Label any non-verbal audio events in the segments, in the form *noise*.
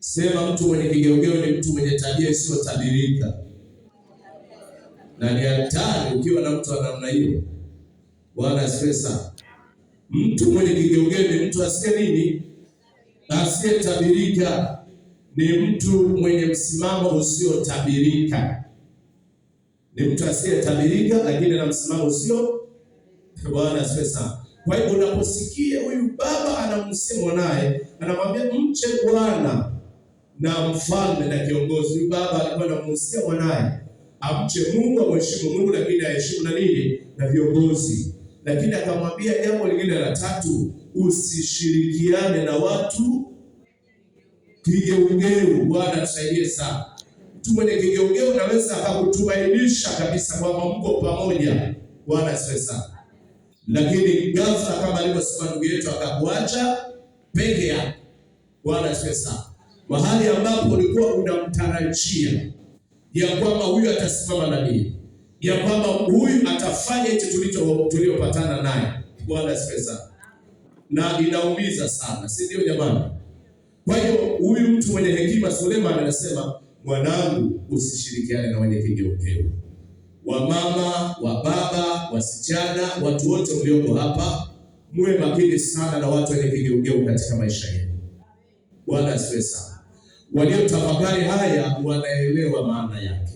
Sema mtu mwenye kigeugeu ni mtu mwenye tabia isiyotabirika, na ni hatari ukiwa na mtu wa namna hiyo. Bwana asifiwe sana. Mtu mwenye kigeugeu ni mtu asiye nini? Asiyetabirika, ni mtu mwenye msimamo usiotabirika, ni mtu asiyetabirika, lakini na msimamo usio. Bwana asifiwe sana. Kwa hiyo unaposikia huyu baba anamsema naye, anamwambia mche Bwana na mfalme na kiongozi. Huyu baba alikuwa anamuhusia mwanaye amche Mungu, amheshimu Mungu, lakini aheshimu na nini na viongozi. Lakini akamwambia jambo lingine la tatu, usishirikiane na watu kigeugeu. Bwana tusaidie sana. Mtu mwenye kigeugeu naweza akakutumainisha kabisa kwamba mko pamoja. Bwana asifiwe sana, lakini ghafla, kama alivyosema ndugu yetu, akakuacha peke yake. Bwana asifiwe sana mahali ambapo ulikuwa unamtarajia ya kwamba huyu atasimama na mimi, ya kwamba huyu atafanya hicho tulichopatana naye. Bwana asifiwe sana, na inaumiza sana, si ndio jamani? Kwa hiyo huyu mtu mwenye hekima suleman anasema, mwanangu, usishirikiane na wenye kigeugeu, wamama, baba wasichana, watu wote mlioko hapa, muwe makini sana na watu wenye kigeugeu katika maisha yenu. Bwana asifiwe sana waliotafakari haya wanaelewa maana yake.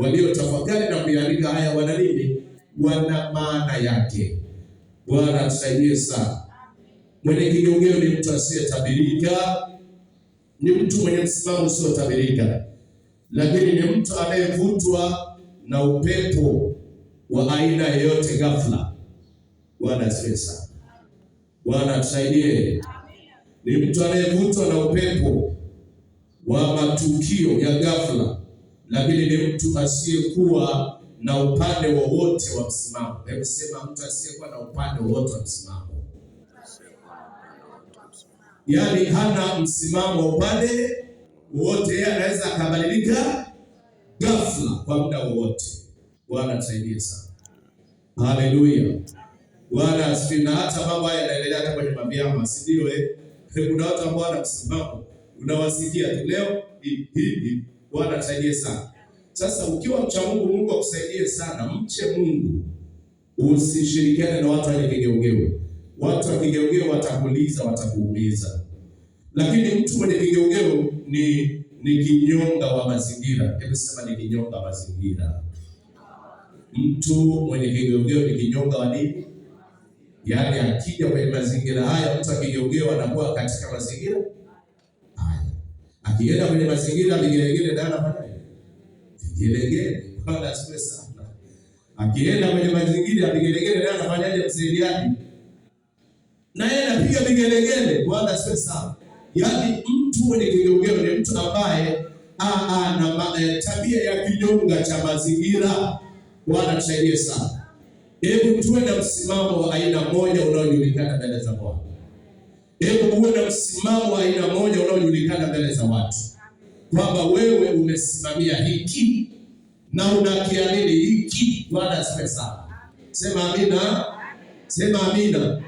Waliotafakari na kuyaandika haya wana nini? Wana maana yake. Bwana tusaidie sana. Mwenye kinyongeo ni mtu asiyetabirika, ni mtu mwenye msimamo usiotabirika, lakini ni mtu anayevutwa na upepo wa aina yoyote ghafla. Bwana asifiwe sana. Bwana tusaidie. Ni mtu anayevutwa na upepo wa matukio ya ghafla, lakini ni mtu asiyekuwa na upande wowote wa msimamo. Hebu sema mtu asiyekuwa na upande wowote wa msimamo, yaani hana msimamo wa upande wowote, yeye anaweza akabadilika ghafla kwa muda wowote. Bwana tusaidie sana, haleluya. Bwana asifiwe. Na hata mambo haya yanaendelea hata kwenye mavyama, si ndio? Eh, kuna watu ambao wana msimamo unawasikia tu leo hivi. Bwana tusaidie sana. Sasa ukiwa mcha Mungu, Mungu akusaidie sana. Mche Mungu, usishirikiane na watu wenye kigeugeu. Watu wa kigeugeu watakuliza, watakuumiza, lakini mtu mwenye kigeugeu ni ni kinyonga wa mazingira. Hebu sema ni kinyonga wa mazingira. Mtu mwenye kigeugeu ni kinyonga wa nini? Yaani akija kwenye mazingira haya, mtu akigeugeu anakuwa katika mazingira Akienda kwenye mazingira vigelegele ndio anafanya vigelegele, wala sio sana. Akienda kwenye mazingira vigelegele ndio anafanyaje msaidiaji? Na yeye anapiga vigelegele, wala sio sana. Yaani mtu mwenye kigeugeu ni mtu ambaye ana e, tabia ya kinyonga cha mazingira. Bwana tusaidie sana. Hebu tuwe na msimamo wa aina moja unaojulikana mbele za Bwana. Hebu uwe na msimamo wa aina moja unaojulikana mbele za watu kwamba wewe umesimamia hiki na unakiamini hiki. Bwana asifiwe sana. Sema amina, sema amina.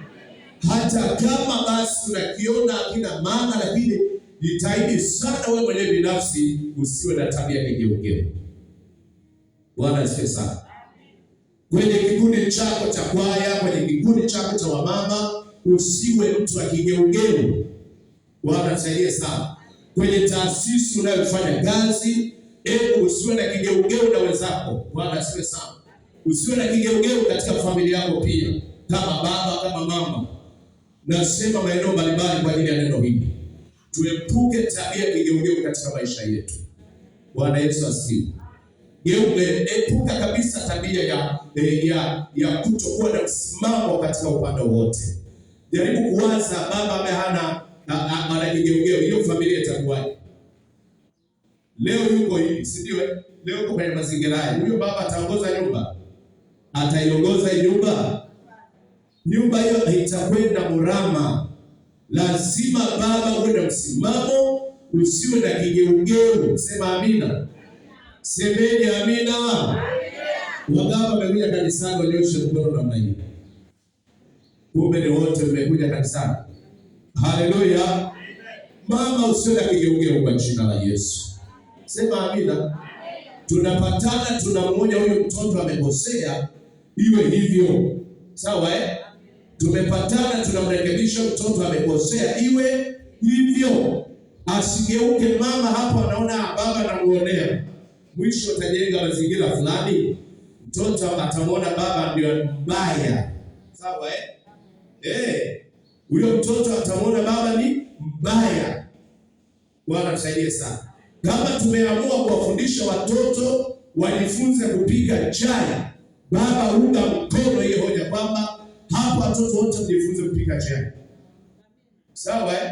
Hata kama basi tunakiona hakina maana, lakini jitahidi sana wewe mwenyewe binafsi usiwe na tabia kigeugeu. Bwana asifiwe sana. Kwenye kikundi chako cha kwaya, kwenye kikundi chako cha wamama usiwe mtu wa kigeugeu. Bwana tusaidie sana kwenye taasisi unayofanya kazi. Hebu usiwe na kigeugeu na wenzako. Bwana asiwe sana, usiwe na kigeugeu katika familia yako pia, kama baba kama mama. Nasema maeneo mbalimbali kwa ajili ya neno hili, tuepuke tabia kigeugeu katika maisha yetu. Bwana Yesu asifiwe. Geuge, epuka kabisa tabia ya, ya, ya kutokuwa na msimamo katika upande wote. Jaribu kuwaza baba ambaye hana ana kigeugeo, hiyo familia itakuwaje? Leo yuko hivi, si ndio? Eh? Leo yuko kwenye mazingira haya, huyo baba ataongoza nyumba? Ataiongoza nyumba? Nyumba hiyo itakwenda murama. Lazima baba uwe na msimamo, usiwe na kigeugeu. Sema amina, semeni amina. Wababa wamekuja kanisani, wanyoshe mkono namna hii ni wote mmekuja kanisani. Haleluya. Mama usione akigeuka kwa jina la Yesu. Sema amina. Tunapatana, tunamwonya huyu mtoto amekosea, iwe hivyo. Sawa eh? Tumepatana, tunamrekebisha mtoto amekosea, iwe hivyo. Asigeuke mama hapo anaona baba anamuonea. Mwisho atajenga mazingira fulani, mtoto atamwona baba ndio mbaya. Sawa eh? Eh, huyo mtoto atamwona baba ni mbaya. Bwana tusaidie sana. Kama tumeamua kuwafundisha watoto wajifunze kupiga chai, baba, unga mkono hiyo hoja kwamba hapo watoto wote wajifunze kupiga chai, sawa eh?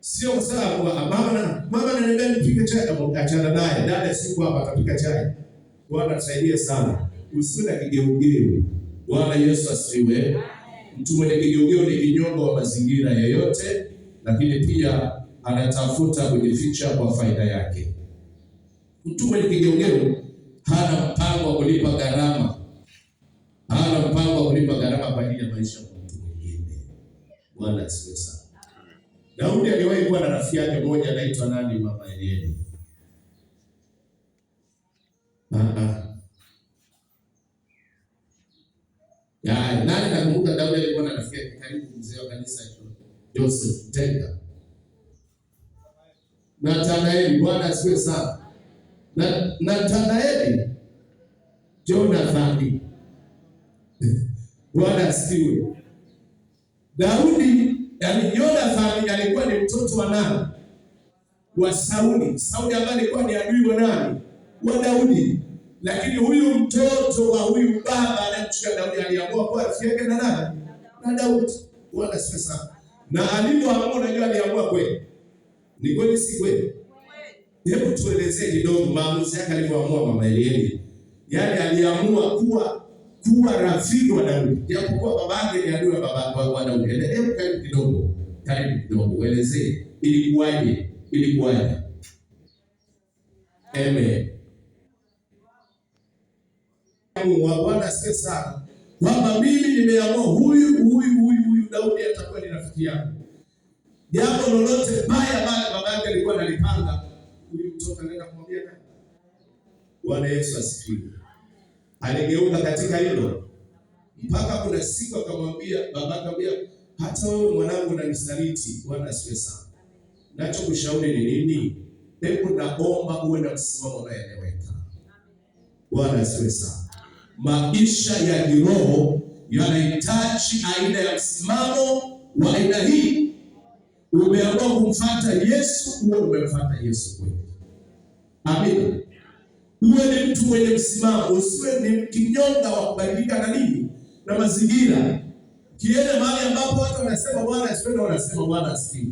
Sio sawa. Mama na mama ananiambia nipige chai, achana naye. Dada siku hapa atapika chai. Bwana tusaidie sana, usile kigeugeu. Bwana Yesu asifiwe. Mtume ni kigeugeu, ni kinyongo wa mazingira yoyote, lakini pia anatafuta kujificha kwa faida yake. Mtume ni kigeugeu, hana mpango wa kulipa gharama, hana mpango wa kulipa gharama kwa ajili ya maisha kwa mtu mwingine. Bwana asifiwe sana. Daudi aliwahi kuwa na rafiki yake mmoja anaitwa nani, mama Elieli. Ah, ah. Haya, nani nakumbuka Daudi alikuwa anafikia karibu mzee wa kanisa Joseph Tenga. Natanaeli, Bwana asiwe sana. Na Nathanaeli Jonathan. *laughs* Bwana asiwe. Daudi, yani Jonathan alikuwa ni mtoto wa nani? Wa Sauli. Sauli ambaye alikuwa ni adui wa nani? Wa Daudi lakini huyu mtoto wa huyu baba anamshika Daudi, aliamua kwa rafiki na nani na Daudi, wala si sasa Na alipoamua, unajua aliamua kweli, ni kweli, si kweli? Hebu tuelezee kidogo maamuzi yake alipoamua, mama Elieli, yaani aliamua kuwa kuwa rafiki wa Daudi, japokuwa babake ni adui wa baba wa Daudi. Hebu karibu kidogo, karibu kidogo, uelezee ilikuwaje, ilikuwaje? Amen. Wala sio sana kwamba mimi nimeamua huyu huyu huyu huyu Daudi atakuwa ni rafiki yangu. Jambo lolote baya baya baba yake alikuwa analipanga, huyu mtoto anaenda kumwambia nani? Bwana Yesu asifiwe. Aligeuka katika hilo mpaka kuna siku akamwambia baba, akamwambia hata wewe mwanangu unanisaliti. Bwana asifiwe sana. Nachokushauri ni nini? Hebu naomba uwe na msimamo unaoeleweka. Bwana asifiwe sana maisha ya kiroho yanahitaji aina ya msimamo wa aina hii. Umeamua kumfuata Yesu, uwe umemfuata Yesu kweli. Amina. Uwe ni mtu mwenye msimamo, usiwe ni mkinyonga wa kubadilika na nini na mazingira. Kienda mahali ambapo watu wanasema Bwana asikwenda, wanasema Bwana asikie.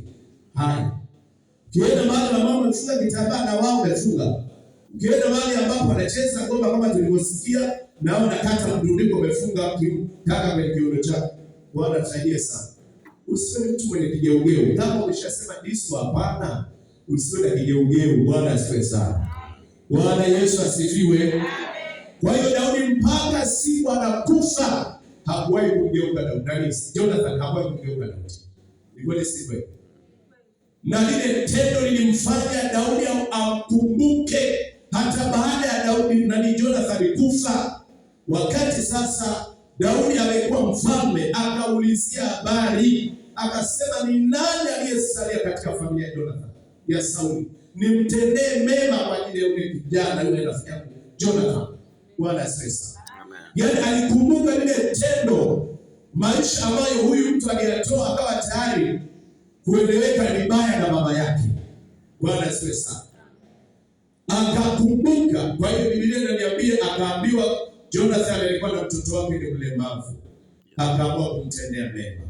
Haya, kienda mahali ambapo wamefunga kitambaa na wao wamefunga, kienda mahali ambapo wanacheza ngoma kama tulivyosikia naona hata mrundiko umefunga taka kwenye kiuno chako. Bwana tusaidie sana, usiwe mtu mwenye kigeugeu. Kama umeshasema Yesu, hapana, usiwe na kigeugeu. Bwana asifiwe sana. Bwana Yesu asifiwe. Kwa hiyo Daudi mpaka siku anakufa hakuwahi kumgeuka Daudi. Jonathan hakuwahi kumgeuka Daudi. Ni kweli si kweli? Na lile tendo lilimfanya Daudi amkumbuke hata baada ya Daudi nani Jonathan kufa Wakati sasa Daudi amekuwa mfalme, akaulizia habari, akasema ni nani aliyesalia katika familia ya Jonathan ya Sauli, nimtendee mema kwa ajili ya yule kijana yule rafiki yangu Jonathan. Bwana asifiwe. Yani alikumbuka lile tendo, maisha ambayo huyu mtu aliyatoa, akawa tayari kueleweka vibaya na baba yake. Bwana asifiwe. Akakumbuka. Kwa hiyo Biblia inaniambia akaambiwa Jonas alikuwa na mtoto wake ni mlemavu, akaamua kumtendea mema.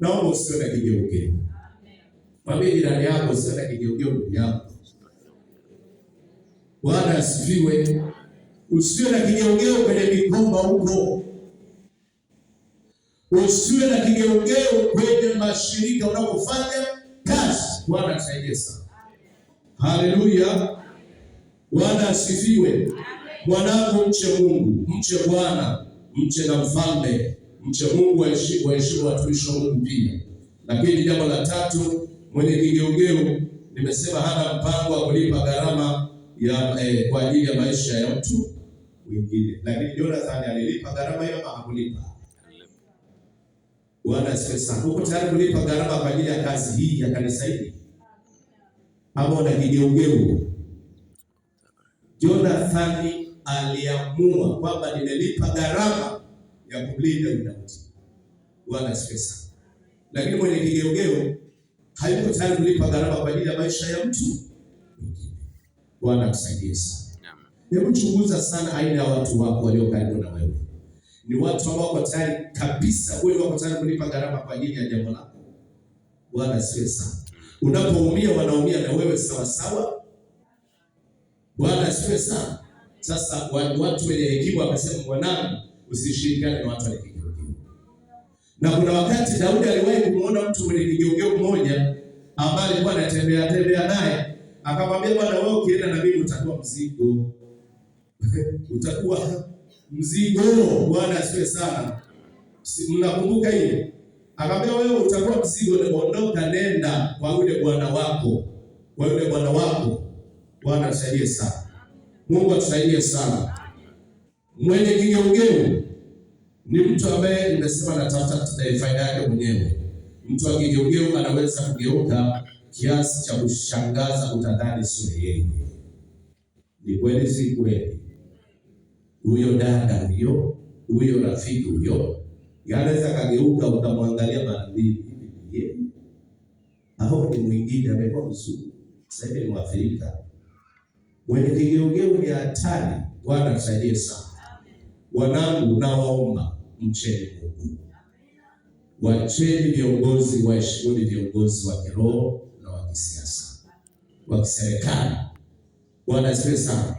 Naomba usiwe na kigeuke, mwambie jirani yako usiwe na kigeuke, ndugu yako. Bwana asifiwe. Usiwe na kigeugeu kwenye migomba huko, usiwe na kigeugeu kwenye mashirika unapofanya kazi. Bwana asaidie sana. Haleluya, Bwana asifiwe. Mwanangu, mche Mungu, mche Bwana, mche na mfalme, mche Mungu, waheshimu watumishi wa Mungu pia. Lakini jambo la tatu, mwenye kigeugeu nimesema hana mpango wa kulipa gharama ya eh, kwa ajili ya maisha ya mtu mwingine. Lakini Jonathan alilipa gharama hiyo ama hakulipa? Bwana asifiwe sana. Uko tayari kulipa gharama kwa ajili ya kazi hii ya kanisa hili? Ama una kigeugeu? Jonathan aliamua kwamba nimelipa gharama ya kumlinda Daudi, wala siwe sana. Lakini mwenye kigeugeu hayuko tayari kulipa gharama kwa ajili ya maisha ya mtu mwingine. Bwana akusaidie sana. Hebu chunguza sana aina ya watu wako walio karibu na wewe. Ni watu ambao wako tayari kabisa, wewe wako tayari kulipa gharama kwa ajili ya jambo lako. Bwana siwe sana. Unapoumia wanaumia na wewe sawa sawa. Bwana siwe sana. Sasa watu wenye hekima wakasema, mwanangu, usishirikiane na watu wenye kigeugeu. Na kuna wakati Daudi aliwahi kumuona mtu mwenye kigeugeu mmoja ambaye alikuwa anatembea tembea naye, akamwambia, bwana, wewe ukienda na mimi utakuwa mzigo *laughs* utakuwa mzigo. Bwana asiwe sana, mnakumbuka hiyo? Akamwambia, wewe utakuwa mzigo, ondoka, nenda kwa yule bwana wako, kwa yule bwana wako. Bwana asaidie sana. Mungu atusaidie sana. Mwenye kigeugeu ni mtu ambaye nimesema natafuta faida yake mwenyewe. Mtu akigeugeu anaweza kugeuka kiasi cha kushangaza, utadhani sio yeye. Ni kweli, si kweli? Huyo dada huyo, huyo rafiki huyo, yanaweza kageuka, utamwangalia mara mbili, au ni mwingine amekuwa mzuri, sasa ni Mwafrika wenye vigeugeu vya hatari. Bwana msaidie sana. Wanangu, nawaomba mcheni Mungu, wacheni viongozi, waheshimuni viongozi wa kiroho na wa kisiasa, wa kiserikali. Bwana asifiwe sana.